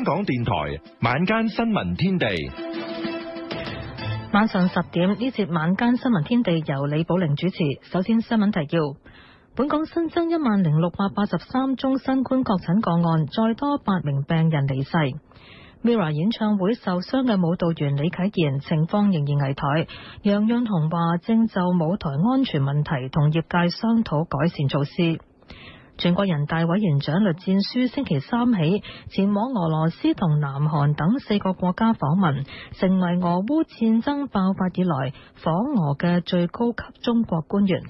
香港電台晚間新聞天地，晚上十點呢節晚間新聞天地由李寶玲主持。首先新聞提要：本港新增一萬零六百八十三宗新冠確診個案，再多八名病人離世。Mira 演唱會受傷嘅舞蹈員李啟言情況仍然危殆。楊潤雄話正就舞台安全問題同業界商討改善措施。全國人大委員長栗戰書星期三起前往俄羅斯同南韓等四個國家訪問，成為俄烏戰爭爆發以來訪俄嘅最高級中國官員。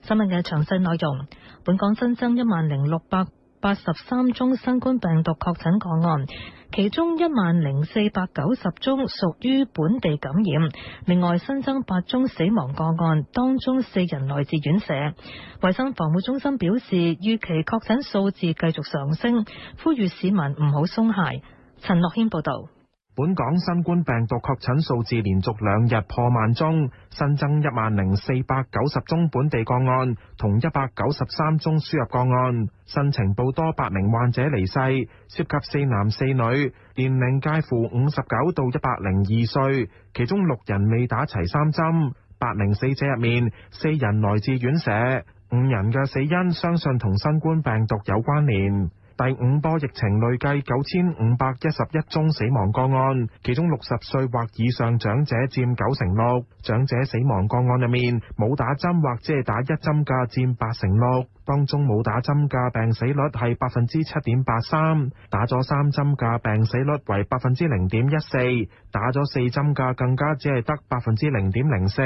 新聞嘅詳細內容，本港新增一萬零六百。八十三宗新冠病毒確診個案，其中一萬零四百九十宗屬於本地感染，另外新增八宗死亡個案，當中四人來自院舍。衛生防護中心表示，預期確診數字繼續上升，呼籲市民唔好鬆懈。陳樂謙報道。本港新冠病毒確診數字連續兩日破萬宗，新增一萬零四百九十宗本地個案，同一百九十三宗輸入個案。新情報多八名患者離世，涉及四男四女，年齡介乎五十九到一百零二歲，其中六人未打齊三針。八名死者入面，四人來自院舍，五人嘅死因相信同新冠病毒有關聯。第五波疫情累計九千五百一十一宗死亡個案，其中六十歲或以上長者佔九成六。長者死亡個案入面，冇打針或者係打一針嘅，佔八成六，當中冇打針嘅病死率係百分之七點八三，打咗三針嘅病死率為百分之零點一四，打咗四針嘅更加只係得百分之零點零四，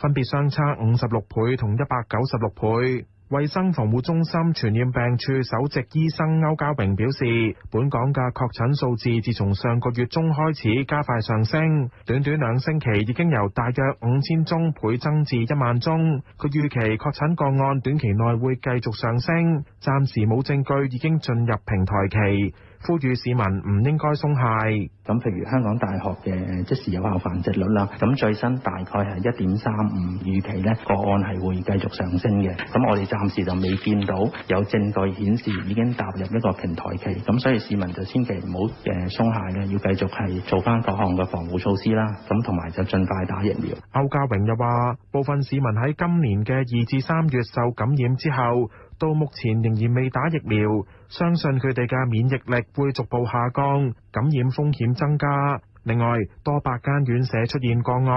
分別相差五十六倍同一百九十六倍。衛生防護中心傳染病處首席醫生歐家榮表示，本港嘅確診數字自從上個月中開始加快上升，短短兩星期已經由大約五千宗倍增至一萬宗。佢預期確診個案短期內會繼續上升，暫時冇證據已經進入平台期。呼籲市民唔應該鬆懈，咁譬如香港大學嘅即時有效繁殖率啦，咁最新大概係一點三五，預期呢個案係會繼續上升嘅，咁我哋暫時就未見到有證據顯示已經踏入一個平台期，咁所以市民就千祈唔好誒鬆懈嘅，要繼續係做翻各項嘅防護措施啦，咁同埋就盡快打疫苗。歐家榮又話：部分市民喺今年嘅二至三月受感染之後，到目前仍然未打疫苗，相信佢哋嘅免疫力會逐步下降，感染風險增加。另外，多百間院舍出現個案，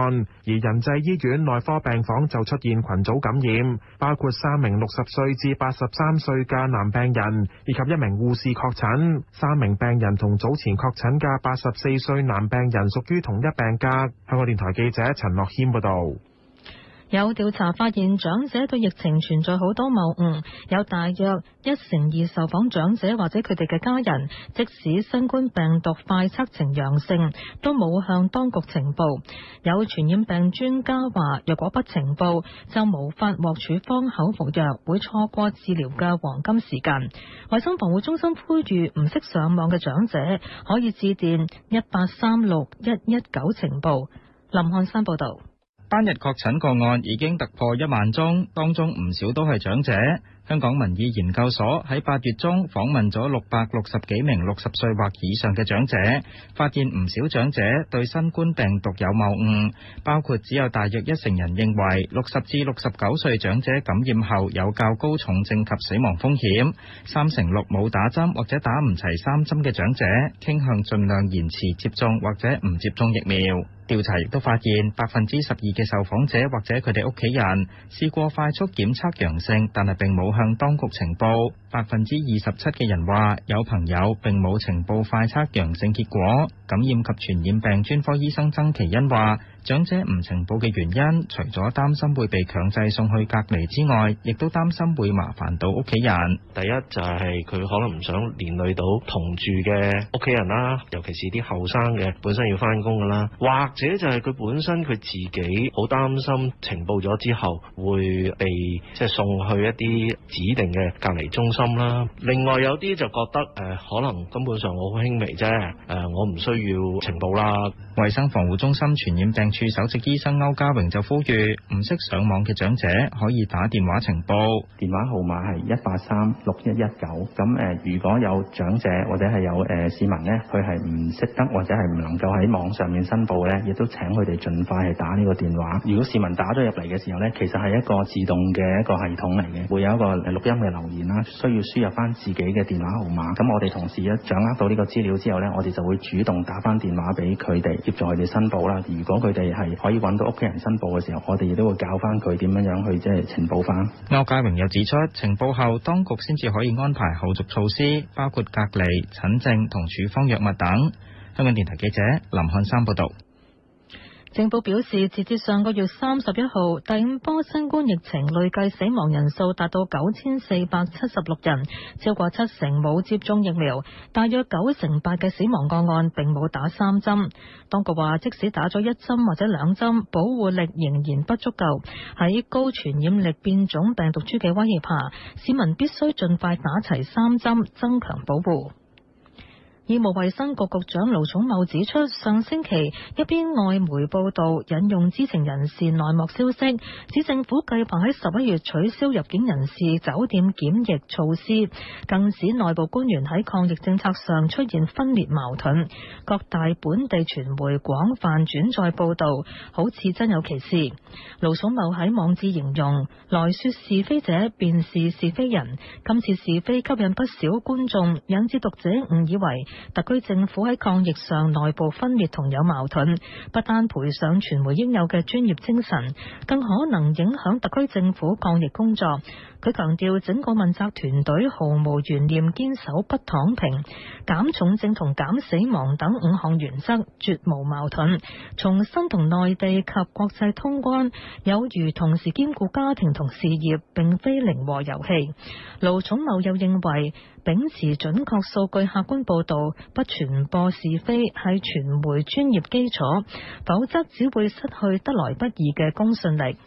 而仁濟醫院內科病房就出現群組感染，包括三名六十歲至八十三歲嘅男病人，以及一名護士確診。三名病人同早前確診嘅八十四歲男病人屬於同一病格。香港電台記者陳樂謙報道。有調查發現，長者對疫情存在好多謬誤，有大約一成二受訪長者或者佢哋嘅家人，即使新冠病毒快測呈陽性，都冇向當局情報。有傳染病專家話，若果不情報，就無法獲處方口服藥，會錯過治療嘅黃金時間。衛生防護中心呼籲唔識上網嘅長者可以致電一八三六一一九情報。林漢山報道。單日確診個案已經突破一萬宗，當中唔少都係長者。香港民意研究所喺八月中訪問咗六百六十幾名六十歲或以上嘅長者，發現唔少長者對新冠病毒有謬誤，包括只有大約一成人認為六十至六十九歲長者感染後有較高重症及死亡風險，三成六冇打針或者打唔齊三針嘅長者傾向盡量延遲接種或者唔接種疫苗。調查亦都發現百分之十二嘅受訪者或者佢哋屋企人試過快速檢測陽性，但係並冇。向當局情報，百分之二十七嘅人話有朋友並冇情報快測陽性結果。感染及傳染病專科醫生曾祈殷話。長者唔呈報嘅原因，除咗擔心會被強制送去隔離之外，亦都擔心會麻煩到屋企人。第一就係佢可能唔想連累到同住嘅屋企人啦，尤其是啲後生嘅本身要翻工噶啦，或者就係佢本身佢自己好擔心呈報咗之後會被即係送去一啲指定嘅隔離中心啦。另外有啲就覺得誒、呃，可能根本上我好輕微啫，誒、呃、我唔需要呈報啦。衞生防護中心傳染病署首席醫生歐家榮就呼籲，唔識上網嘅長者可以打電話情報，電話號碼係一八三六一一九。咁誒、呃，如果有長者或者係有誒、呃、市民咧，佢係唔識得或者係唔能夠喺網上面申報咧，亦都請佢哋盡快係打呢個電話。如果市民打咗入嚟嘅時候咧，其實係一個自動嘅一個系統嚟嘅，會有一個錄音嘅留言啦，需要輸入翻自己嘅電話號碼。咁我哋同事一掌握到呢個資料之後呢，我哋就會主動打翻電話俾佢哋，協助佢哋申報啦。如果佢哋係可以揾到屋企人申報嘅時候，我哋亦都會教翻佢點樣樣去即係呈報翻。歐家榮又指出，呈報後當局先至可以安排後續措施，包括隔離、診症同處方藥物等。香港電台記者林漢山報道。政府表示，截至上個月三十一號，第五波新冠疫情累計死亡人數達到九千四百七十六人，超過七成冇接種疫苗，大約九成八嘅死亡個案並冇打三針。當局話，即使打咗一針或者兩針，保護力仍然不足夠。喺高傳染力變種病毒株嘅威脅下，市民必須盡快打齊三針，增強保護。醫務衛生局局長盧寵茂指出，上星期一篇外媒報道引用知情人士內幕消息，指政府計劃喺十一月取消入境人士酒店檢疫措施，更使內部官員喺抗疫政策上出現分裂矛盾。各大本地傳媒廣泛轉載報道，好似真有其事。盧寵茂喺網誌形容：來說是非者，便是是非人。今次是非吸引不少觀眾，引致讀者誤以為。特區政府喺抗疫上內部分裂同有矛盾，不單賠上傳媒應有嘅專業精神，更可能影響特區政府抗疫工作。佢強調整個問責團隊毫無懸念，堅守不躺平、減重症同減死亡等五項原則，絕無矛盾。重新同內地及國際通關，有如同時兼顧家庭同事業，並非零和遊戲。盧寵茂又認為。秉持準確數據，客觀報導，不傳播是非係傳媒專業基礎，否則只會失去得來不易嘅公信力。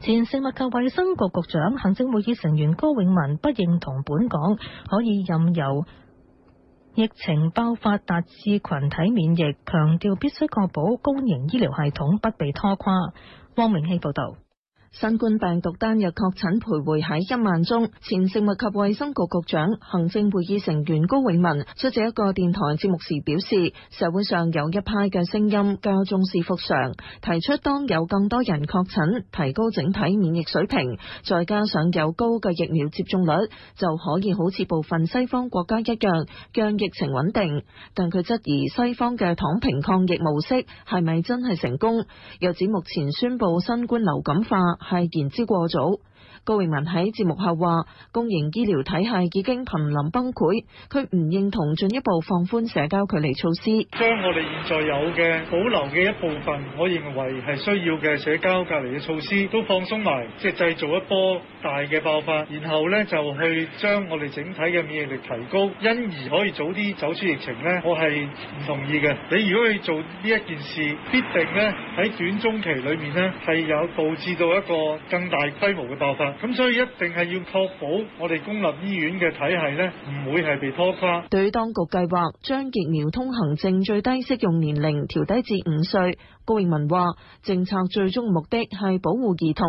前食物及衛生局局長、行政會議成員高永文不認同本港可以任由疫情爆發達至群體免疫，強調必須確保公營醫療系統不被拖垮。汪明希報導。新冠病毒單日確診徘徊喺一萬宗。前食物及衛生局局長、行政會議成員高永文出席一個電台節目時表示，社會上有一派嘅聲音較重視復常，提出當有更多人確診，提高整體免疫水平，再加上有高嘅疫苗接種率，就可以好似部分西方國家一樣，將疫情穩定。但佢質疑西方嘅躺平抗疫模式係咪真係成功？又指目前宣布新冠流感化，係言之過早。高永文喺節目下話公營醫療體系已經瀕臨崩潰，佢唔認同進一步放寬社交距離措施。將我哋現在有嘅保留嘅一部分，我認為係需要嘅社交隔離嘅措施，都放鬆埋，即係製造一波大嘅爆發，然後呢就去將我哋整體嘅免疫力提高，因而可以早啲走出疫情，呢我係唔同意嘅，你如果去做呢一件事，必定呢喺短中期裏面呢係有導致到一個更大規模嘅爆發。咁所以一定係要確保我哋公立醫院嘅體系咧，唔會係被拖垮。對於當局計劃將疫苗通行證最低適用年齡調低至五歲。高永文話：政策最終目的係保護兒童，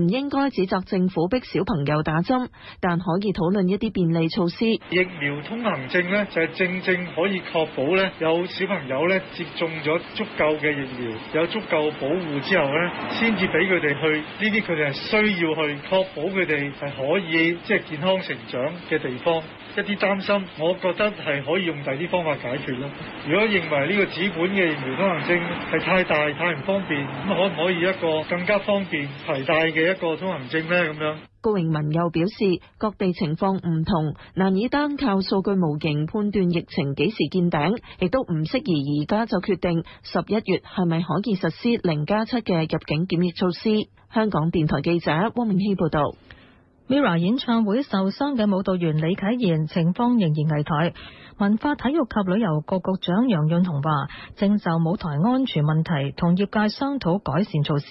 唔應該指責政府逼小朋友打針，但可以討論一啲便利措施。疫苗通行證咧，就係正正可以確保咧，有小朋友咧接種咗足夠嘅疫苗，有足夠保護之後咧，先至俾佢哋去呢啲佢哋係需要去確保佢哋係可以即係、就是、健康成長嘅地方。一啲擔心，我覺得係可以用第啲方法解決咯，如果認為呢個紙本嘅疫苗通行證係太大，但太太唔方便，咁可唔可以一個更加方便攜帶嘅一個通行證呢？咁樣，高永文又表示各地情況唔同，難以單靠數據模型判斷疫情幾時見頂，亦都唔適宜而家就決定十一月係咪可以實施零加七嘅入境檢疫措施。香港電台記者汪永希報道。Mirror 演唱會受傷嘅舞蹈員李啟言情況仍然危殆。文化體育及旅遊局局長楊潤雄話正就舞台安全問題同業界商討改善措施。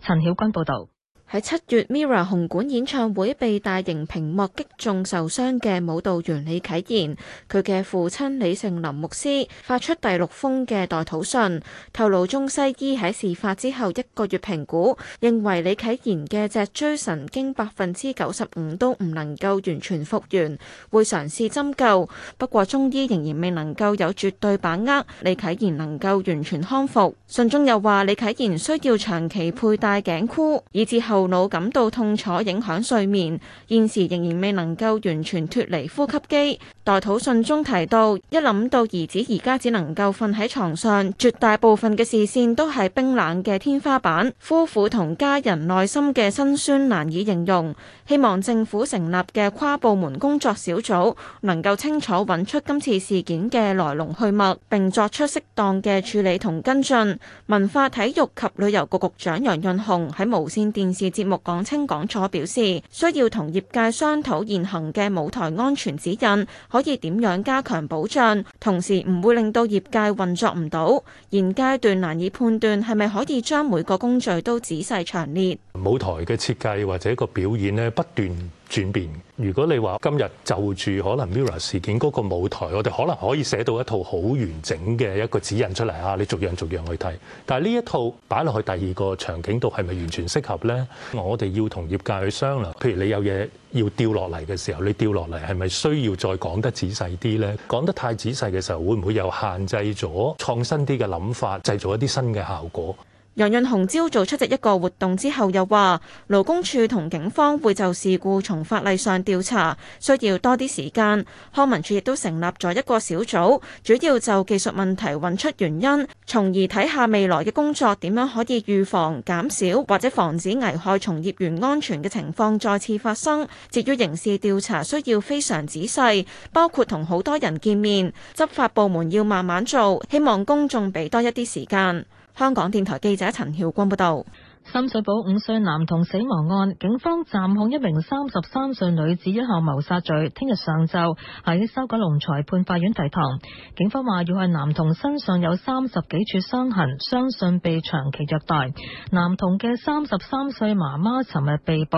陳曉君報道。喺七月 MIRROR 紅館演唱會被大型屏幕擊中受傷嘅舞蹈員李啟言，佢嘅父親李盛林牧師發出第六封嘅代禱信，透露中西醫喺事發之後一個月評估，認為李啟言嘅脊椎神經百分之九十五都唔能夠完全復原，會嘗試針灸。不過中醫仍然未能夠有絕對把握李啟言能夠完全康復，信中又話李啟言需要長期佩戴頸箍，以至後。頭腦感到痛楚，影響睡眠。現時仍然未能夠完全脫離呼吸機。代禱信中提到，一諗到兒子而家只能夠瞓喺床上，絕大部分嘅視線都係冰冷嘅天花板，夫婦同家人內心嘅辛酸難以形容。希望政府成立嘅跨部門工作小組能夠清楚揾出今次事件嘅來龍去脈，並作出適當嘅處理同跟進。文化體育及旅遊局局長楊潤雄喺無線電視節目講清講楚，表示需要同業界商討現行嘅舞台安全指引，可以點樣加強保障，同時唔會令到業界運作唔到。現階段難以判斷係咪可以將每個工序都仔細詳列舞台嘅設計或者個表演呢，不斷轉變。如果你話今日就住可能 MIRROR 事件嗰個舞台，我哋可能可以寫到一套好完整嘅一個指引出嚟啊！你逐樣逐樣去睇。但係呢一套擺落去第二個場景度係咪完全適合呢？我哋要同業界去商量。譬如你有嘢要掉落嚟嘅時候，你掉落嚟係咪需要再講得仔細啲呢？講得太仔細嘅時候，會唔會有限制咗創新啲嘅諗法，製造一啲新嘅效果？楊潤雄朝早出席一個活動之後又，又話勞工處同警方會就事故從法例上調查，需要多啲時間。康文署亦都成立咗一個小組，主要就技術問題揾出原因，從而睇下未來嘅工作點樣可以預防、減少或者防止危害從業員安全嘅情況再次發生。至於刑事調查需要非常仔細，包括同好多人見面，執法部門要慢慢做，希望公眾俾多一啲時間。香港電台記者陳曉君報道：深水埗五歲男童死亡案，警方暫控一名三十三歲女子一項謀殺罪。聽日上晝喺西九龍裁判法院提堂，警方話要係男童身上有三十幾處傷痕，相信被長期虐待。男童嘅三十三歲媽媽尋日被捕，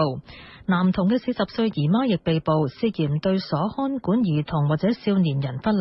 男童嘅四十歲姨媽亦被捕，涉嫌對所看管兒童或者少年人忽略。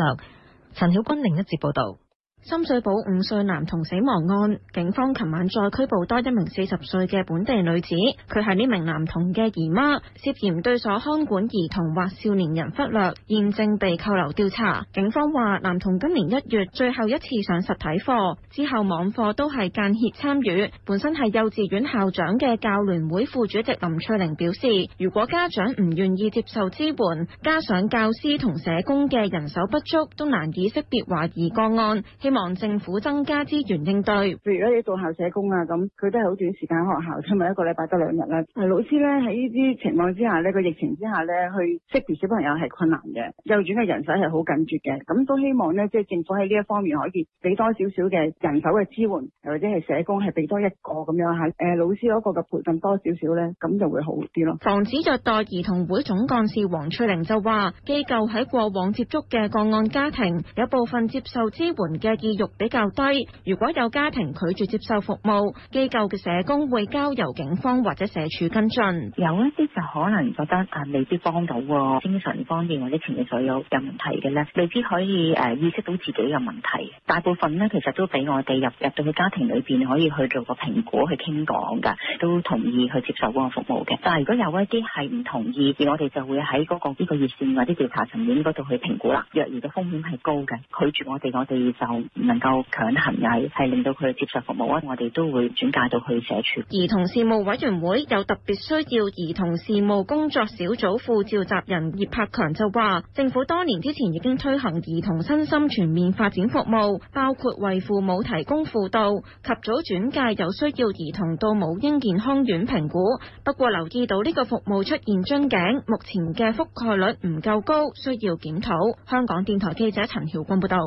陳曉君另一節報道。深水埗五歲男童死亡案，警方琴晚再拘捕多一名四十歲嘅本地女子，佢係呢名男童嘅姨媽，涉嫌對所看管兒童或少年人忽略，現正被扣留調查。警方話，男童今年一月最後一次上實體課之後，網課都係間歇參與。本身係幼稚園校長嘅教聯會副主席林翠玲表示，如果家長唔願意接受支援，加上教師同社工嘅人手不足，都難以識別懷疑個案。希望政府增加資源應對，譬如你做校社工啊咁，佢都係好短時間學校，出埋一個禮拜得兩日啦。老師咧喺呢啲情況之下咧，個疫情之下咧，去識別小朋友係困難嘅，幼稚園嘅人手係好緊缺嘅，咁都希望咧，即係政府喺呢一方面可以俾多少少嘅人手嘅支援，或者係社工係俾多一個咁樣吓誒老師嗰個嘅培訓多少少咧，咁就會好啲咯。防止虐待兒童會總幹事黃翠玲就話機構喺過往接觸嘅個案家庭，有部分接受支援嘅。意欲比較低，如果有家庭拒絕接受服務，機構嘅社工會交由警方或者社署跟進。有一啲就可能覺得啊，未必幫到，精神方面或者情緒上有有問題嘅咧，未必可以誒，意識到自己嘅問題。大部分咧其實都俾我哋入入到去家庭裏邊，可以去做個評估，去傾講噶，都同意去接受嗰個服務嘅。但係如果有一啲係唔同意，我哋就會喺嗰個呢個熱線或者調查層面嗰度去評估啦。若然嘅風險係高嘅，拒絕我哋，我哋就。唔能夠強行，又係令到佢接受服務，我哋都會轉介到去社處。兒童事務委員會有特別需要兒童事務工作小組副召集人葉柏強就話，政府多年之前已經推行兒童身心全面發展服務，包括為父母提供輔導，及早轉介有需要兒童到母嬰健康院評估。不過留意到呢個服務出現樽頸，目前嘅覆蓋率唔夠高，需要檢討。香港電台記者陳曉君報導。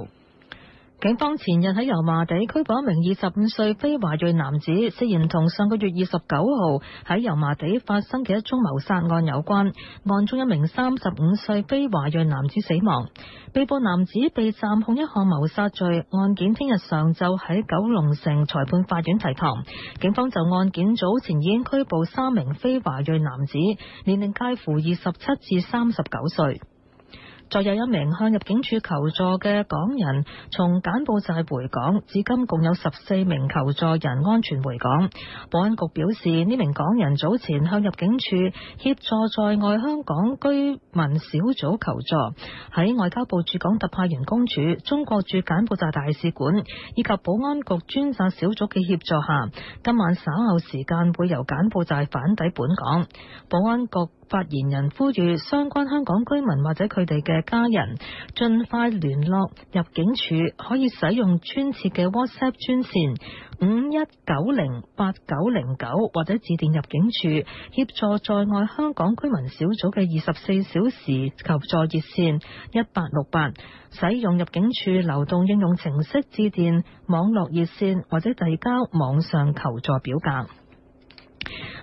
警方前日喺油麻地拘捕一名二十五歲非華裔男子，涉嫌同上個月二十九號喺油麻地發生嘅一宗謀殺案有關，案中一名三十五歲非華裔男子死亡。被捕男子被暫控一項謀殺罪，案件聽日上晝喺九龍城裁判法院提堂。警方就案件早前已經拘捕三名非華裔男子，年齡介乎二十七至三十九歲。昨日再有一名向入境處求助嘅港人從柬埔寨，寨回港，至今共有十四名求助人安全回港。保安局表示，呢名港人早前向入境處協助在外香港居民小組求助，喺外交部駐港特派員公署、中國駐柬埔寨大使館以及保安局專責小組嘅協助下，今晚稍後時間會由柬埔寨返抵本港。保安局。發言人呼籲相關香港居民或者佢哋嘅家人盡快聯絡入境處，可以使用專設嘅 WhatsApp 專線五一九零八九零九，9，或者致電入境處協助在外香港居民小組嘅二十四小時求助熱線一八六八，使用入境處流動應用程式致電網絡熱線，或者遞交網上求助表格。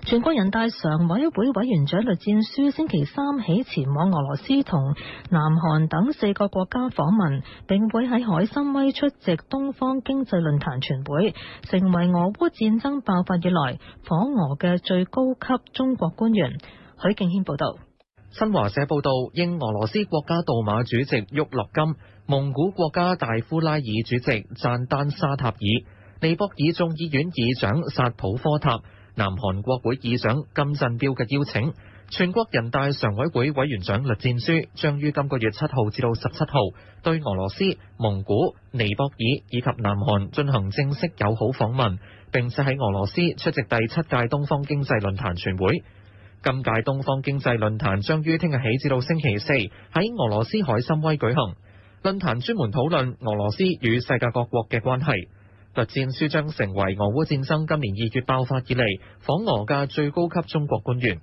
全國人大常委會委員長栗戰書星期三起前往俄羅斯、同南韓等四個國家訪問，並會喺海參崴出席東方經濟論壇全會，成為俄烏戰爭爆發以來訪俄嘅最高級中國官員。許敬軒報道。新華社報道，應俄羅斯國家杜馬主席沃洛金、蒙古國家大呼拉爾主席贊丹丹沙塔爾、尼泊爾眾議院議長薩普科塔、南韓國會議長金振彪嘅邀請，全國人大常委會委員長栗戰書將於今個月七號至到十七號對俄羅斯、蒙古、尼泊爾以及南韓進行正式友好訪問，並且喺俄羅斯出席第七屆東方經濟論壇全會。今屆東方經濟論壇將於聽日起至到星期四喺俄羅斯海參崴舉行，論壇專門討論俄羅斯與世界各國嘅關係。栗戰書將成為俄烏戰爭今年二月爆發以來訪俄嘅最高級中國官員。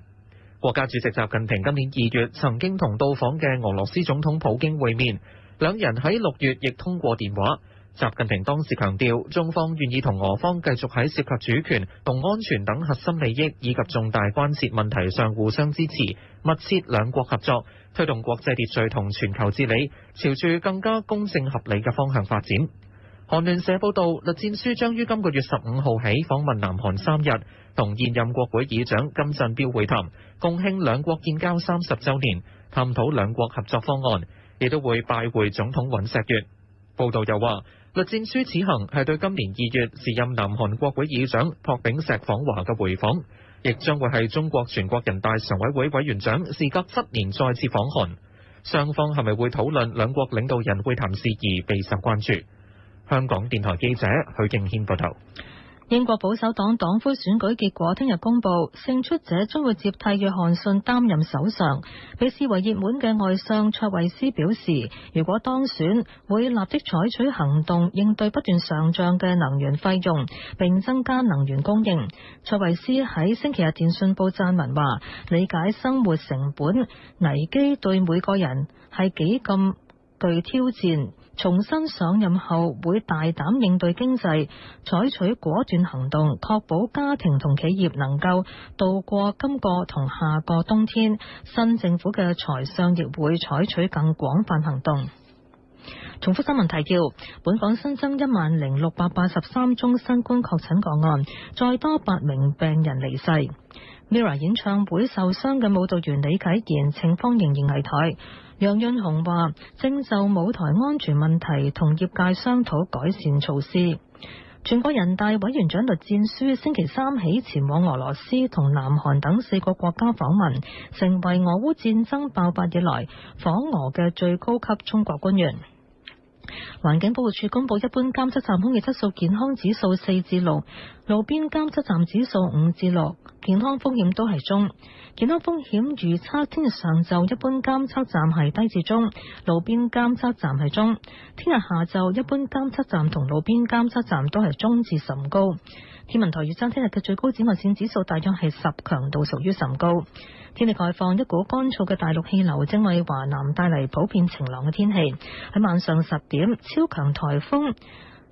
國家主席習近平今年二月曾經同到訪嘅俄羅斯總統普京會面，兩人喺六月亦通過電話。習近平當時強調，中方願意同俄方繼續喺涉及主權同安全等核心利益以及重大關切問題上互相支持，密切兩國合作，推動國際秩序同全球治理，朝住更加公正合理嘅方向發展。韓聯社報道，栗戰書將於今個月十五號起訪問南韓三日，同現任國會議長金振彪會談，共慶兩國建交三十周年，探討兩國合作方案，亦都會拜會總統尹錫悅。報道又話，栗戰書此行係對今年二月時任南韓國會議長朴炳錫訪華嘅回訪，亦將會係中國全國人大常委會委員長事隔七年再次訪韓，雙方係咪會討論兩國領導人會談事宜備受關注。香港電台記者許敬軒報道，英國保守黨黨魁選舉結果聽日公布，勝出者將會接替約翰遜擔任首相。被視為熱門嘅外相卓慧思表示，如果當選，會立即採取行動應對不斷上漲嘅能源費用，並增加能源供應。卓慧思喺星期日《電訊報》撰文話，理解生活成本危機對每個人係幾咁具挑戰。重新上任後，會大膽應對經濟，採取果斷行動，確保家庭同企業能夠度過今個同下個冬天。新政府嘅財相亦會採取更廣泛行動。重複新聞提要：本港新增一萬零六百八十三宗新冠確診個案，再多八名病人離世。Mira 演唱會受傷嘅舞蹈員李啟言情況仍然危殆。楊潤雄話正就舞台安全問題同業界商討改善措施。全國人大委員長栗戰書星期三起前往俄羅斯同南韓等四個國家訪問，成為俄烏戰爭爆發以來訪俄嘅最高級中國官員。環境保護署公布，一般監測站空氣質素健康指數四至六，路邊監測站指數五至六，健康風險都係中。健康風險預測，聽日上晝一般監測站係低至中，路邊監測站係中；聽日下晝一般監測站同路邊監測站都係中至甚高。天文台預測，聽日嘅最高紫外線指數大約係十，強度屬於甚高。天氣概況，一股乾燥嘅大陸氣流正為華南帶嚟普遍晴朗嘅天氣。喺晚上十點，超強台風。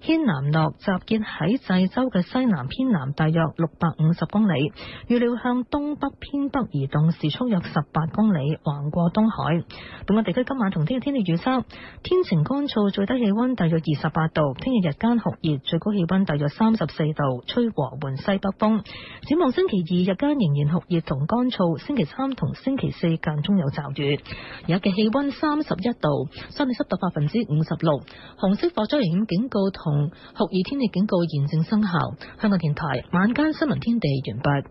天南落，集結喺濟州嘅西南偏南，大約六百五十公里。預料向東北偏北移動，時速約十八公里，橫過東海。本港地區今晚同聽日天氣預測：天晴乾燥，最低氣溫大約二十八度；聽日日間酷熱，最高氣溫大約三十四度，吹和緩西北風。展望星期二日間仍然酷熱同乾燥，星期三同星期四間中有驟雨，而家嘅氣溫三十一度，相對濕度百分之五十六，紅色火災危險警告同，酷熱天氣警告現正生效。香港電台晚間新聞天地完畢。